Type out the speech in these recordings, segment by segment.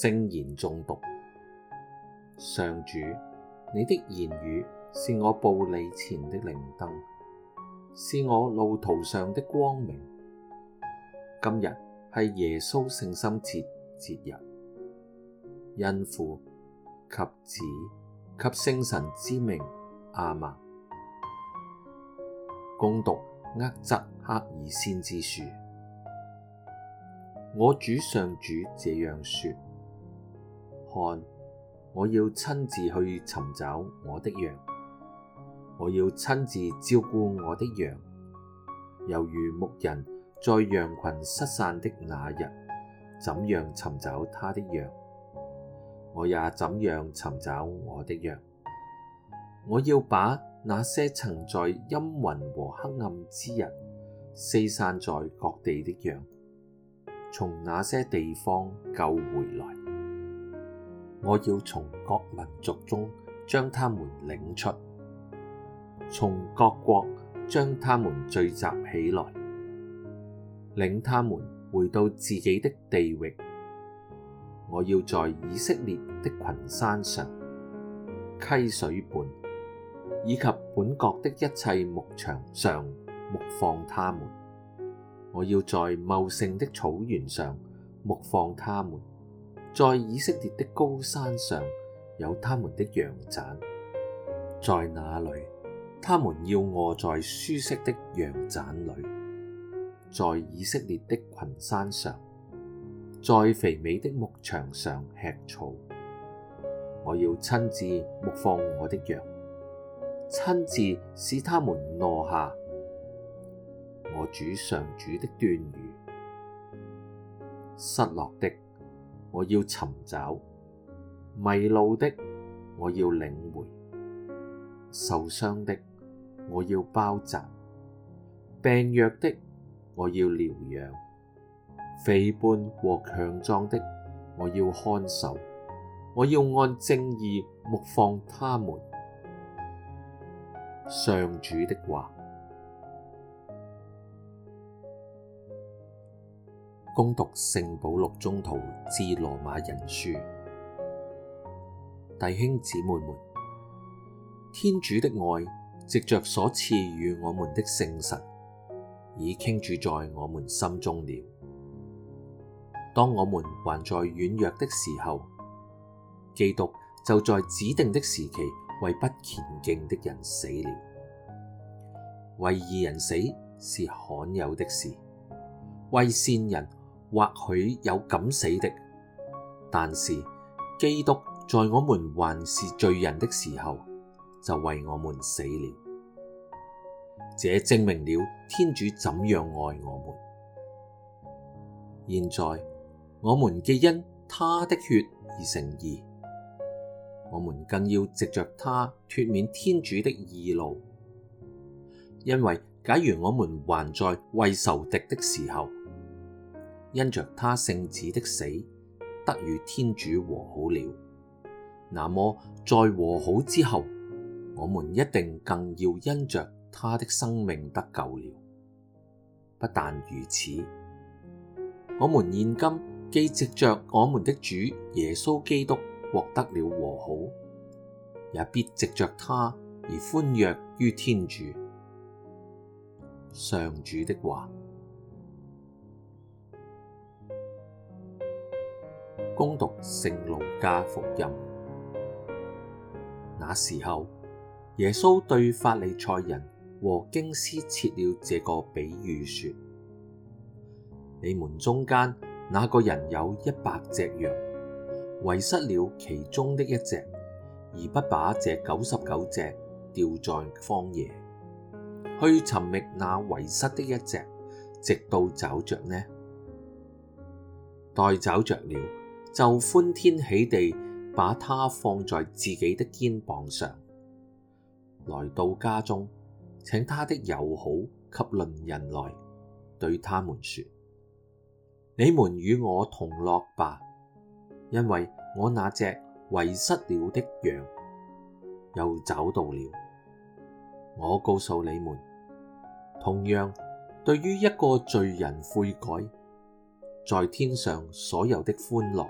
聖言誦讀。上主，你的言語是我步履前的靈燈，是我路途上的光明。今日係耶穌聖心節節日，因父及子及聖神之名，阿嫲，恭讀厄則克耳先知書，我主上主這樣說。看，我要親自去尋找我的羊，我要親自照顧我的羊。猶如牧人在羊群失散的那日，怎樣尋找他的羊，我也怎樣尋找我的羊。我要把那些曾在陰雲和黑暗之日四散在各地的羊，從那些地方救回來。我要從各民族中將他們領出，從各國將他們聚集起來，領他們回到自己的地域。我要在以色列的群山上、溪水畔以及本國的一切牧場上牧放他們。我要在茂盛的草原上牧放他們。在以色列的高山上，有他們的羊棧，在那裏，他們要臥在舒適的羊棧裏。在以色列的群山上，在肥美的牧場上吃草。我要親自牧放我的羊，親自使他們臥下。我主上主的斷語，失落的。我要尋找迷路的，我要領回受傷的，我要包紮病弱的，我要療養肥胖和強壯的，我要看守，我要按正義牧放他們。上主的話。恭讀聖保祿宗徒致羅馬人書，弟兄姊妹們，天主的愛藉着所賜與我們的聖神，已傾注在我們心中了。當我們還在軟弱的時候，基督就在指定的時期為不虔敬的人死了，為義人死是罕有的事，為善人。或許有敢死的，但是基督在我們還是罪人的時候，就為我們死了，這證明了天主怎樣愛我們。現在我們既因他的血而成義，我們更要藉着他脱免天主的義怒，因為假如我們還在為仇敵的時候。因着他聖子的死，得與天主和好了。那麼在和好之後，我們一定更要因着他的生命得救了。不但如此，我們現今既藉着我們的主耶穌基督獲得了和好，也必藉着他而歡躍於天主。上主的話。恭讀《聖路加福音》。那時候，耶穌對法利賽人和經師設了這個比喻說：你們中間那個人有一百隻羊，遺失了其中的一隻，而不把這九十九隻丟在荒野，去尋覓那遺失的一隻，直到找着呢？待找着了。就歡天喜地把他放在自己的肩膀上，來到家中，請他的友好及鄰人來，對他們說：你們與我同樂吧，因為我那隻遺失了的羊又找到了。我告訴你們，同樣對於一個罪人悔改，在天上所有的歡樂。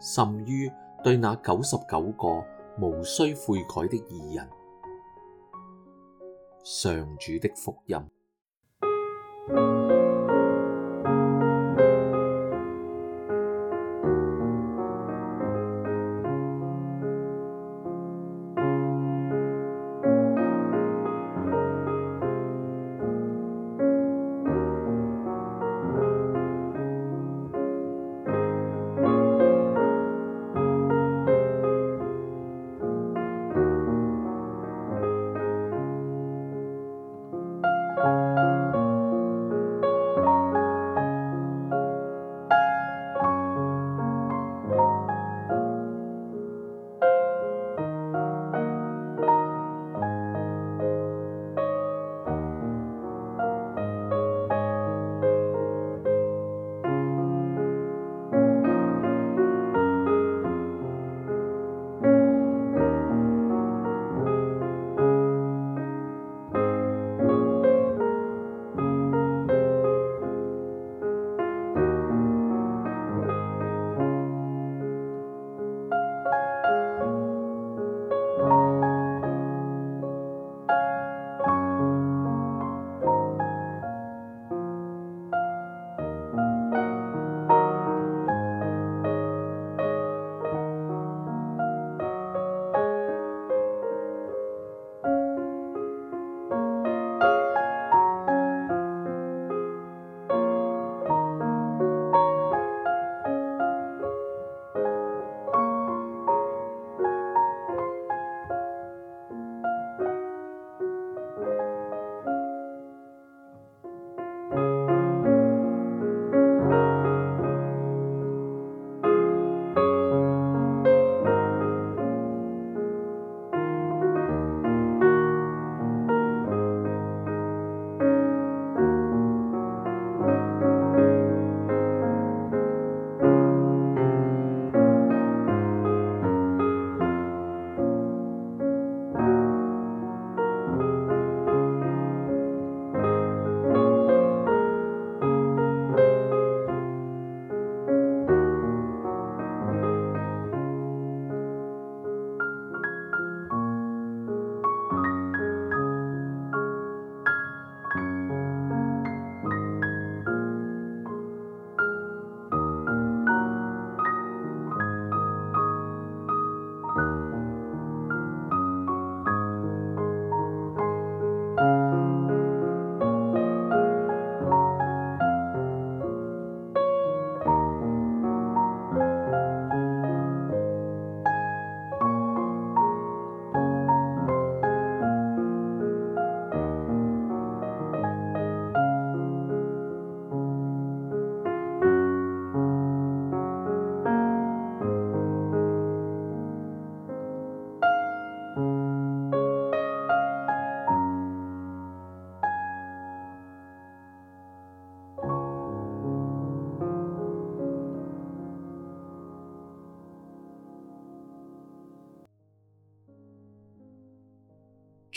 甚於對那九十九個無需悔改的義人。上主的福音。